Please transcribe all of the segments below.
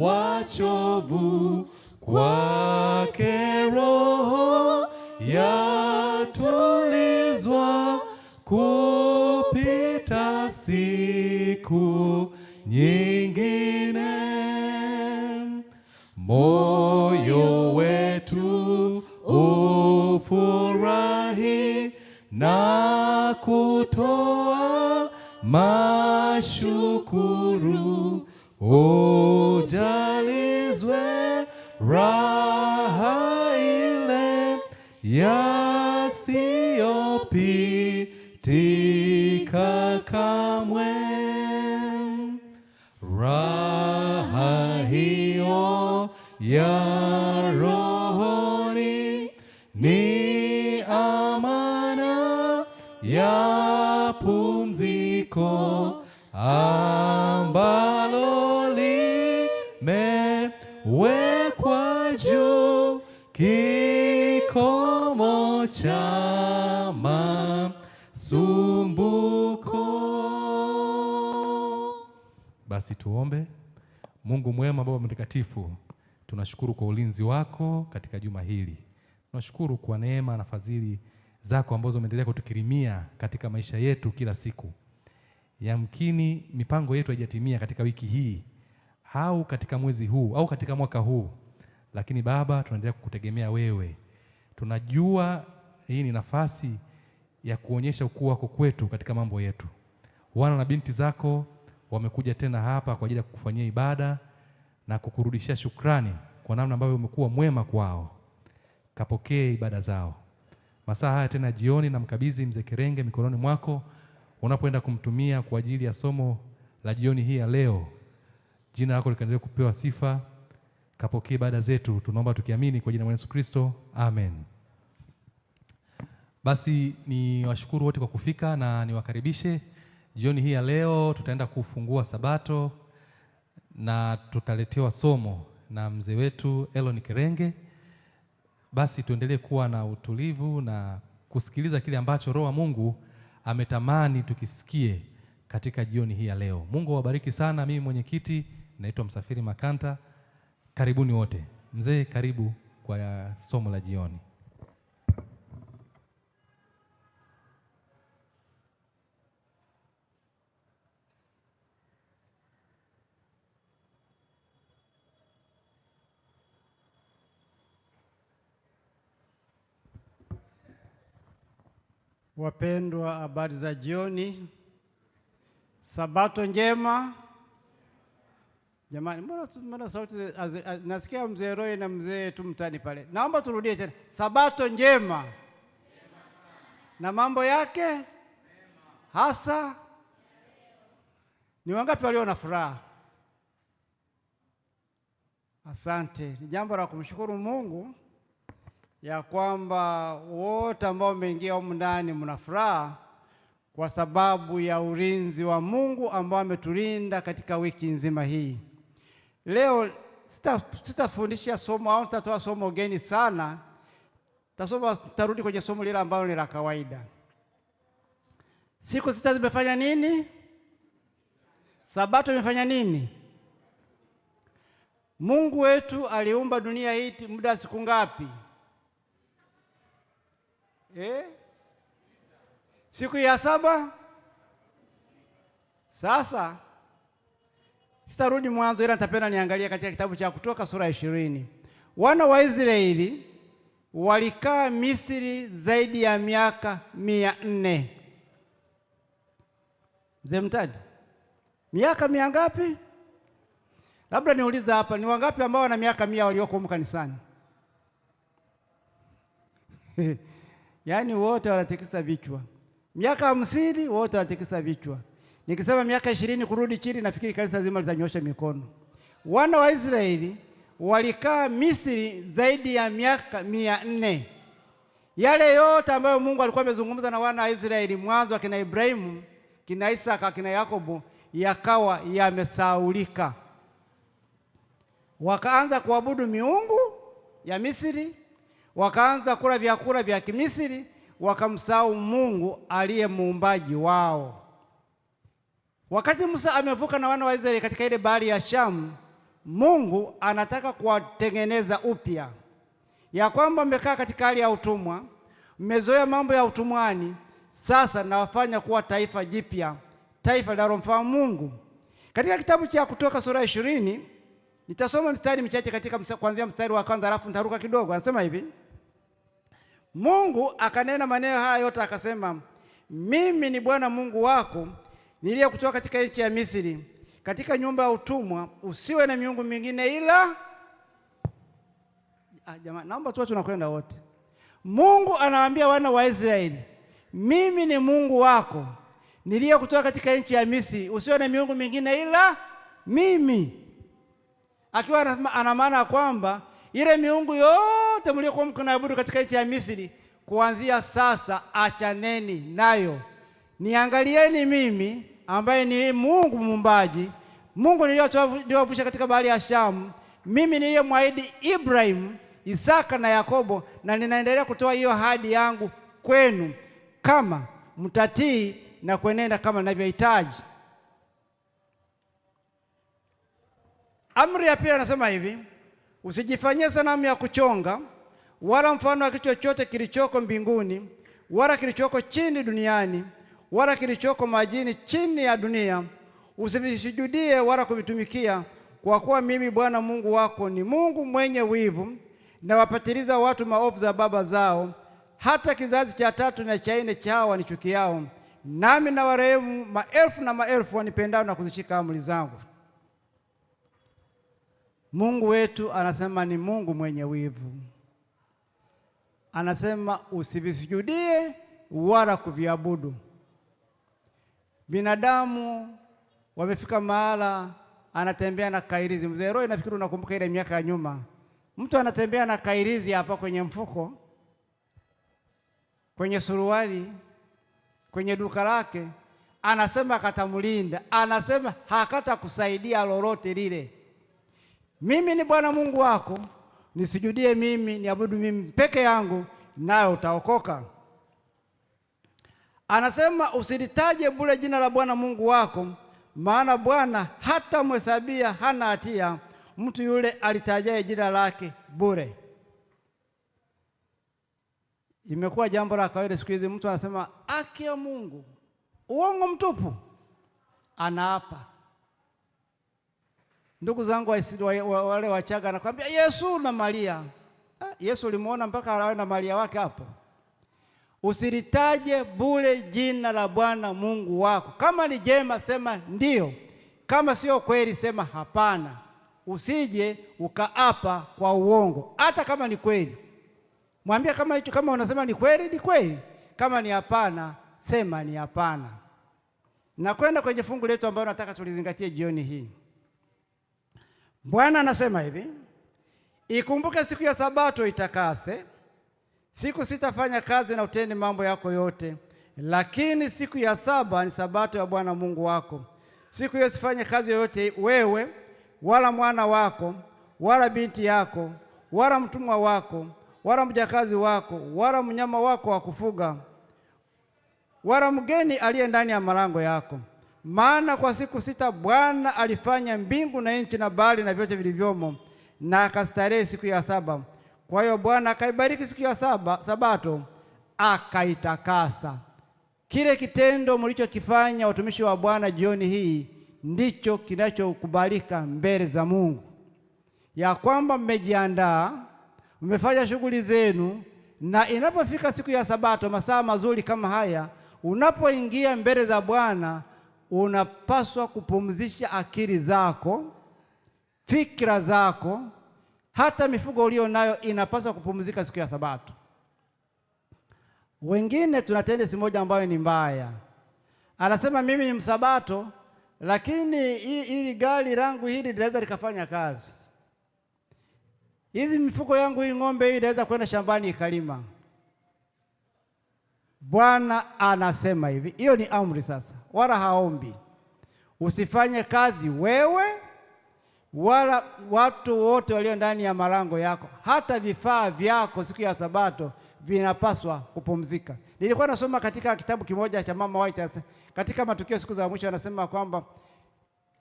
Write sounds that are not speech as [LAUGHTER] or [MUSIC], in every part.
wachovu kwake roho yatulizwa kupita siku nyingine. Moyo wetu ufurahi na kutoa mashukuru o mapumziko ambalo limewekwa juu kikomo cha masumbuko. Basi tuombe. Mungu mwema, Baba mtakatifu, tunashukuru kwa ulinzi wako katika juma hili, tunashukuru kwa neema na fadhili zako ambazo umeendelea kutukirimia katika maisha yetu kila siku. Yamkini mipango yetu haijatimia katika wiki hii au katika mwezi huu au katika mwaka huu, lakini Baba, tunaendelea kukutegemea wewe. Tunajua hii ni nafasi ya kuonyesha ukuu wako kwetu katika mambo yetu. Wana na binti zako wamekuja tena hapa kwa ajili ya kukufanyia ibada na kukurudishia shukrani kwa namna ambavyo umekuwa mwema kwao. Kapokee ibada zao. Masaa haya tena jioni, namkabidhi mzee Kerenge mikononi mwako unapoenda kumtumia kwa ajili ya somo la jioni hii ya leo. Jina lako likaendelee kupewa sifa. Kapokee ibada zetu, tunaomba tukiamini kwa jina la Yesu Kristo, amen. Basi ni washukuru wote kwa kufika na niwakaribishe jioni hii ya leo. Tutaenda kufungua Sabato na tutaletewa somo na mzee wetu Elon Kerenge basi tuendelee kuwa na utulivu na kusikiliza kile ambacho Roho wa Mungu ametamani tukisikie katika jioni hii ya leo. Mungu awabariki sana. Mimi mwenyekiti naitwa Msafiri Makanta. Karibuni wote. Mzee, karibu kwa somo la jioni. Wapendwa, habari za jioni, sabato njema jamani. Mbona mbona sauti nasikia mzee Roy na mzee tu mtani pale. Naomba turudie tena, sabato njema na mambo yake hasa. Ni wangapi walio na furaha? Asante, ni jambo la kumshukuru Mungu ya kwamba wote ambao mmeingia humu ndani mna furaha kwa sababu ya ulinzi wa Mungu ambao ametulinda katika wiki nzima hii. Leo sitafundisha sita somo au sitatoa somo geni sana, tasoma tarudi kwenye somo lile ambalo ni la kawaida. Siku sita zimefanya nini? Sabato imefanya nini? Mungu wetu aliumba dunia hii muda wa siku ngapi? eh? Siku ya saba sasa sitarudi mwanzo, ila nitapenda niangalia katika kitabu cha Kutoka sura ya ishirini. Wana wa Israeli walikaa Misri zaidi ya miaka mia nne. Mzee Mtaji, miaka mia ngapi? Labda niulize hapa, ni wangapi ambao wana miaka mia walioko humu kanisani? [LAUGHS] yaani wote wanatikisa vichwa. Miaka hamsini wote wanatikisa vichwa. Nikisema miaka ishirini kurudi chini, nafikiri kanisa zima litanyosha mikono. Wana wa Israeli walikaa Misri zaidi ya miaka mia nne. Yale yote ambayo Mungu alikuwa amezungumza na wana wa Israeli mwanzo, akina Ibrahimu, kina Isaka, akina Yakobo, yakawa yamesaulika, wakaanza kuabudu miungu ya Misri wakaanza kula vyakula vya Kimisri, wakamsahau Mungu aliye muumbaji wao. Wakati Musa amevuka na wana wa Israeli katika ile bahari ya Shamu, Mungu anataka kuwatengeneza upya, ya kwamba mmekaa katika hali ya utumwa, mmezoea mambo ya utumwani. Sasa nawafanya kuwa taifa jipya, taifa linalomfahamu Mungu. Katika kitabu cha Kutoka sura ya ishirini Nitasoma mstari michache katika kuanzia mstari wa kwanza alafu nitaruka kidogo. Anasema hivi: Mungu akanena maneno haya yote akasema, mimi ni Bwana Mungu wako niliyekutoa katika nchi ya Misri, katika nyumba ya utumwa. Usiwe na miungu mingine ila ah. jamaa, naomba tu tunakwenda wote. Mungu anawaambia wana wa Israeli, mimi ni Mungu wako niliyekutoa katika nchi ya Misri, usiwe na miungu mingine ila mimi akiwa ana maana kwamba ile miungu yote mliokuwa mkinaabudu katika nchi ya Misri, kuanzia sasa achaneni nayo, niangalieni mimi ambaye ni Mungu mumbaji Mungu niliyowavusha katika bahari ya Shamu, mimi niliyemwahidi Ibrahimu, Isaka na Yakobo, na ninaendelea kutoa hiyo ahadi yangu kwenu kama mtatii na kuenenda kama ninavyohitaji. Amri ya pili anasema hivi, usijifanyie sanamu ya kuchonga wala mfano wa kitu chochote kilichoko mbinguni wala kilichoko chini duniani wala kilichoko majini chini ya dunia. Usivisujudie wala kuvitumikia, kwa kuwa mimi Bwana Mungu wako ni Mungu mwenye wivu, nawapatiliza watu maovu za baba zao hata kizazi cha tatu na cha nne chao wanichukiao, nami nawarehemu maelfu na maelfu wanipendao na kuzishika amri zangu. Mungu wetu anasema ni Mungu mwenye wivu, anasema usivisujudie wala kuviabudu. Binadamu wamefika mahala anatembea na kairizi. Mzee Roy, nafikiri unakumbuka ile miaka ya nyuma, mtu anatembea na kairizi hapa kwenye mfuko, kwenye suruali, kwenye duka lake, anasema katamulinda anasema hakatakusaidia lolote lile mimi ni Bwana Mungu wako, nisijudie mimi, niabudu mimi peke yangu, nayo utaokoka. Anasema usilitaje bure jina la Bwana Mungu wako, maana Bwana hata mhesabia hana hatia mtu yule alitajaye jina lake bure. Imekuwa jambo la kawaida siku hizi, mtu anasema aki ya Mungu, uongo mtupu, anaapa Ndugu zangu wale Wachaga anakwambia Yesu na Maria. Ah, Yesu ulimuona mpaka awe na Maria wake hapo. Usilitaje bure jina la Bwana Mungu wako. Kama ni jema sema ndio kama sio kweli sema hapana. Usije ukaapa kwa uongo, hata kama ni kweli. Mwambie kama hicho, kama unasema ni kweli, ni kweli. Kama ni hapana, sema ni hapana. Nakwenda kwenye fungu letu ambalo nataka tulizingatie jioni hii. Bwana anasema hivi, ikumbuke siku ya Sabato itakase, siku sitafanya kazi na utende mambo yako yote, lakini siku ya saba ni Sabato ya Bwana Mungu wako. Siku hiyo usifanye kazi yoyote, wewe wala mwana wako wala binti yako wala mtumwa wako wala mjakazi wako wala mnyama wako wa kufuga wala mgeni aliye ndani ya malango yako maana kwa siku sita Bwana alifanya mbingu na nchi na bahari na vyote vilivyomo, na akastarehe siku ya saba. Kwa hiyo Bwana akaibariki siku ya saba, Sabato akaitakasa. Kile kitendo mlichokifanya watumishi wa Bwana jioni hii ndicho kinachokubalika mbele za Mungu, ya kwamba mmejiandaa, mmefanya shughuli zenu, na inapofika siku ya Sabato, masaa mazuri kama haya, unapoingia mbele za Bwana unapaswa kupumzisha akili zako, fikra zako, hata mifugo ulio nayo inapaswa kupumzika siku ya Sabato. Wengine tuna tendensi moja ambayo ni mbaya, anasema mimi ni msabato, lakini hili gari langu hili linaweza likafanya kazi, hizi mifugo yangu hii ng'ombe hii inaweza kwenda shambani ikalima. Bwana anasema hivi, hiyo ni amri sasa wala haombi. Usifanye kazi wewe wala watu wote walio ndani ya malango yako, hata vifaa vyako siku ya Sabato vinapaswa kupumzika. Nilikuwa nasoma katika kitabu kimoja cha Mama White katika matukio siku za mwisho, anasema kwamba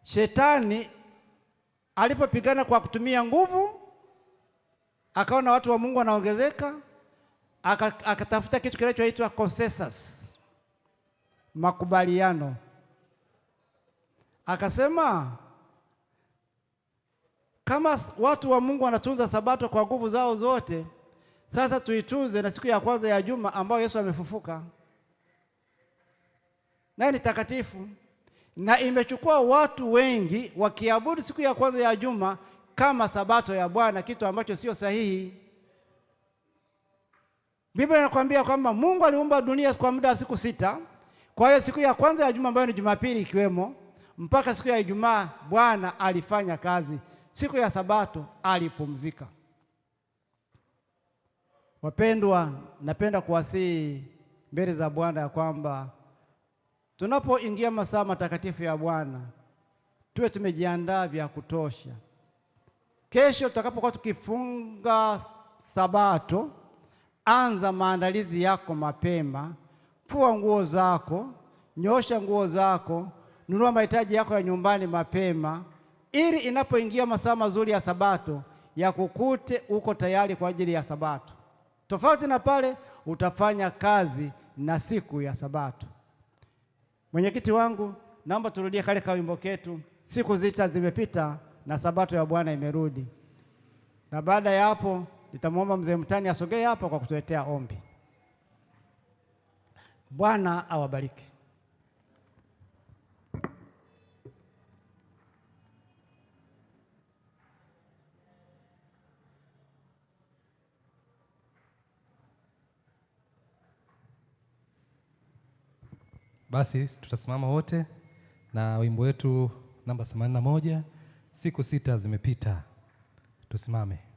shetani alipopigana kwa kutumia nguvu, akaona watu wa Mungu wanaongezeka, akatafuta kitu kinachoitwa consensus makubaliano, akasema kama watu wa Mungu wanatunza sabato kwa nguvu zao zote, sasa tuitunze na siku ya kwanza ya juma ambayo Yesu amefufuka, naye ni takatifu. Na imechukua watu wengi wakiabudu siku ya kwanza ya juma kama sabato ya Bwana, kitu ambacho sio sahihi. Biblia inakwambia kwamba Mungu aliumba dunia kwa muda wa siku sita. Kwa hiyo siku ya kwanza ya juma ambayo ni Jumapili ikiwemo mpaka siku ya Ijumaa Bwana alifanya kazi, siku ya Sabato alipumzika. Wapendwa, napenda kuwasihi mbele za Bwana ya kwamba tunapoingia masaa matakatifu ya Bwana tuwe tumejiandaa vya kutosha. Kesho tutakapokuwa tukifunga Sabato, anza maandalizi yako mapema fua nguo zako, nyosha nguo zako, nunua mahitaji yako ya nyumbani mapema, ili inapoingia masaa mazuri ya Sabato yakukute uko tayari kwa ajili ya Sabato. Tofauti na pale utafanya kazi na siku ya Sabato. Mwenyekiti wangu, naomba turudie kale wimbo ketu, siku zita zimepita na Sabato ya Bwana imerudi. Na baada ya hapo nitamwomba mzee Mtani asogee hapa kwa kutuletea ombi. Bwana awabariki. Basi tutasimama wote na wimbo wetu namba 81, siku sita zimepita. Tusimame.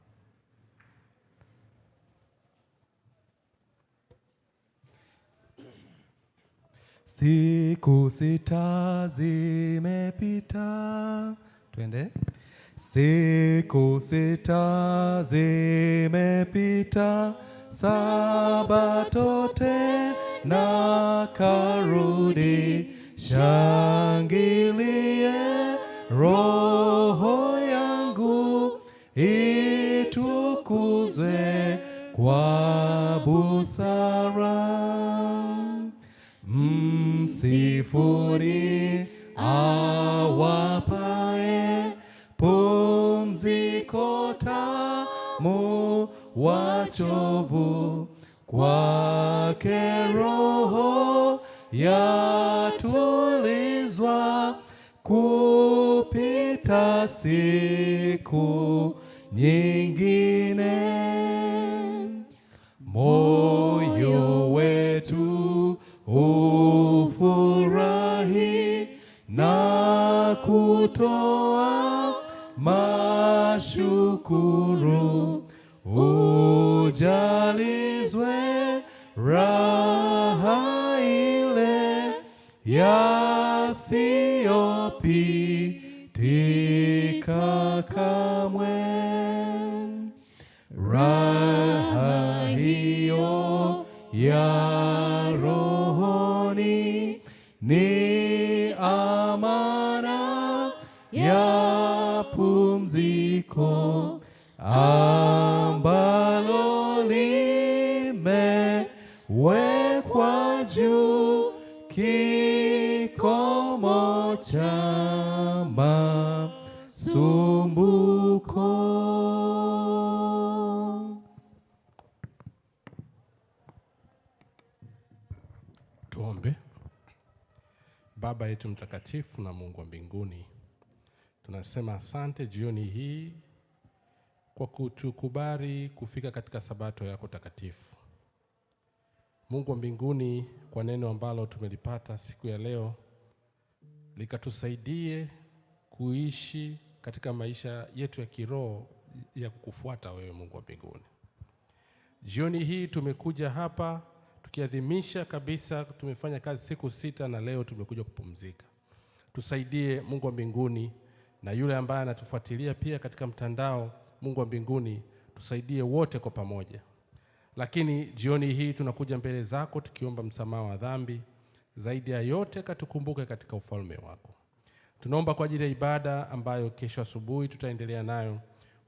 Siku sita zimepita, twende. Siku sita zimepita, Sabato tena karudi, shangilie Roho wake roho yatulizwa kupita siku nyingine. Moyo wetu ufurahi na kutoa mashukuru e assim opina. Baba yetu mtakatifu na Mungu wa mbinguni, tunasema asante jioni hii kwa kutukubali kufika katika sabato yako takatifu. Mungu wa mbinguni, kwa neno ambalo tumelipata siku ya leo, likatusaidie kuishi katika maisha yetu ya kiroho ya kukufuata wewe, Mungu wa mbinguni. Jioni hii tumekuja hapa tukiadhimisha kabisa, tumefanya kazi siku sita na leo tumekuja kupumzika. Tusaidie Mungu wa mbinguni, na yule ambaye anatufuatilia pia katika mtandao, Mungu wa mbinguni, tusaidie wote kwa pamoja. Lakini jioni hii tunakuja mbele zako tukiomba msamaha wa dhambi, zaidi ya yote katukumbuke katika ufalme wako. Tunaomba kwa ajili ya ibada ambayo kesho asubuhi tutaendelea nayo.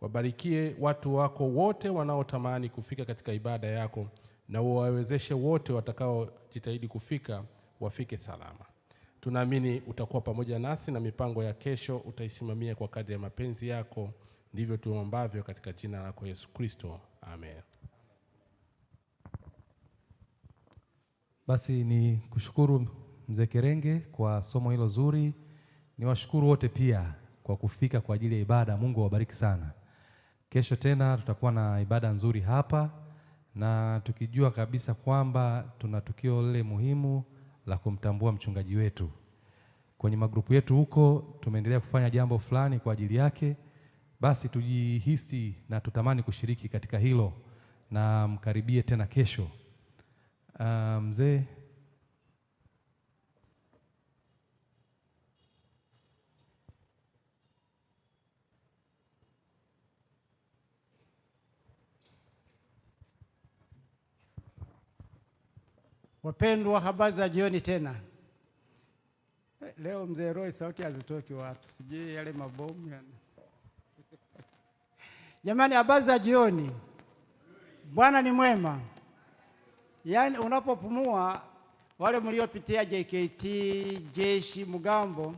Wabarikie watu wako wote wanaotamani kufika katika ibada yako na uwawezeshe wote watakaojitahidi kufika wafike salama. Tunaamini utakuwa pamoja nasi na mipango ya kesho utaisimamia kwa kadri ya mapenzi yako, ndivyo tuombavyo katika jina lako Yesu Kristo, amen. Basi ni kushukuru mzee Kerenge kwa somo hilo zuri. Niwashukuru wote pia kwa kufika kwa ajili ya ibada. Mungu awabariki sana. Kesho tena tutakuwa na ibada nzuri hapa na tukijua kabisa kwamba tuna tukio lile muhimu la kumtambua mchungaji wetu. Kwenye magrupu yetu huko tumeendelea kufanya jambo fulani kwa ajili yake, basi tujihisi na tutamani kushiriki katika hilo na mkaribie tena kesho. Uh, mzee Wapendwa, habari za jioni tena. Leo mzee Roy sauti hazitoki watu, sijui yale mabomu yana. Jamani, habari za jioni. Bwana ni mwema. Yaani unapopumua, wale mliopitia JKT, jeshi, mgambo,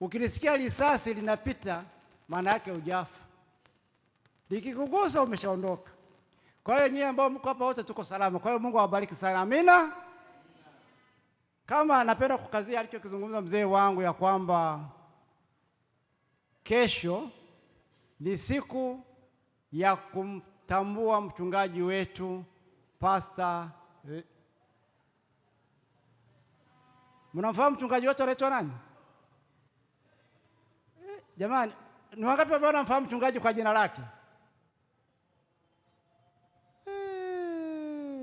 ukilisikia risasi linapita, maana yake ujafa, Likikugusa umeshaondoka. Kwa hiyo nyie ambao mko hapa wote tuko salama. Kwa hiyo Mungu awabariki sana. Amina. Kama napenda kukazia alichokizungumza mzee wangu ya kwamba kesho ni siku ya kumtambua mchungaji wetu pasta eh, Mnamfahamu mchungaji wetu anaitwa nani? Eh, jamani, ni wangapi ambao wanamfahamu mchungaji kwa jina lake?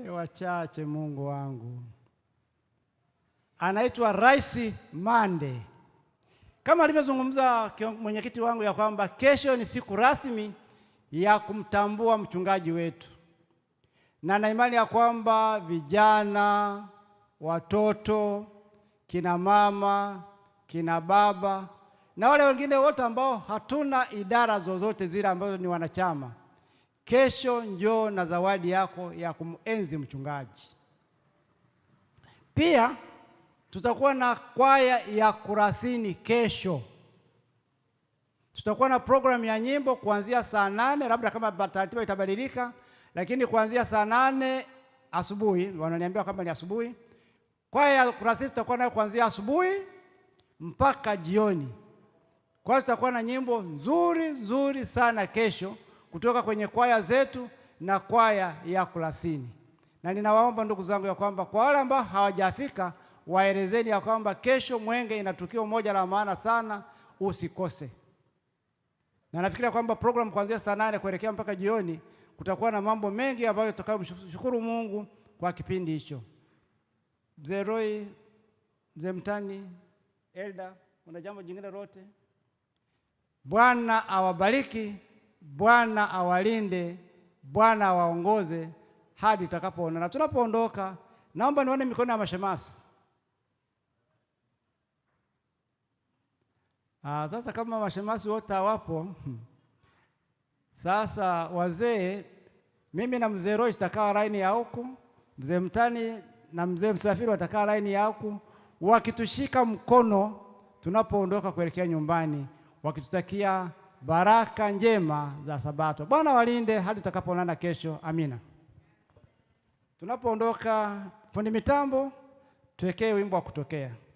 Eh, wachache. Mungu wangu anaitwa Rais Mande. Kama alivyozungumza mwenyekiti wangu ya kwamba kesho ni siku rasmi ya kumtambua mchungaji wetu, na na imani ya kwamba vijana, watoto, kina mama, kina baba na wale wengine wote ambao hatuna idara zozote zile ambazo ni wanachama, kesho njoo na zawadi yako ya kumenzi mchungaji pia Tutakuwa na kwaya ya Kurasini kesho. Tutakuwa na programu ya nyimbo kuanzia saa nane, labda kama taratiba itabadilika, lakini kuanzia saa nane asubuhi, wananiambia kama ni asubuhi. Kwaya ya Kurasini tutakuwa nayo kuanzia asubuhi mpaka jioni. Kwa hiyo tutakuwa na nyimbo nzuri nzuri sana kesho kutoka kwenye kwaya zetu na kwaya ya Kurasini, na ninawaomba ndugu zangu ya kwamba kwa wale ambao hawajafika waelezeni ya kwamba kesho Mwenge ina tukio moja la maana sana, usikose. Na nafikiria kwamba program kuanzia saa nane kuelekea mpaka jioni kutakuwa na mambo mengi ambayo tutakayomshukuru Mungu kwa kipindi hicho. Mzee Roy, Mzee Mtani, Elda, una jambo jingine lote? Bwana awabariki, Bwana awalinde, Bwana awaongoze hadi tutakapoonana. Tunapoondoka, naomba nione mikono ya mashemasi. Aa, ah, sasa kama mashemasi wote hawapo sasa wazee, mimi na mzee Roy tutakaa laini ya huku, mzee Mtani na mzee Msafiri watakaa laini ya huku, wakitushika mkono tunapoondoka kuelekea nyumbani, wakitutakia baraka njema za Sabato. Bwana walinde hadi tutakapoonana kesho, amina. Tunapoondoka fundi mitambo tuwekee wimbo wa kutokea.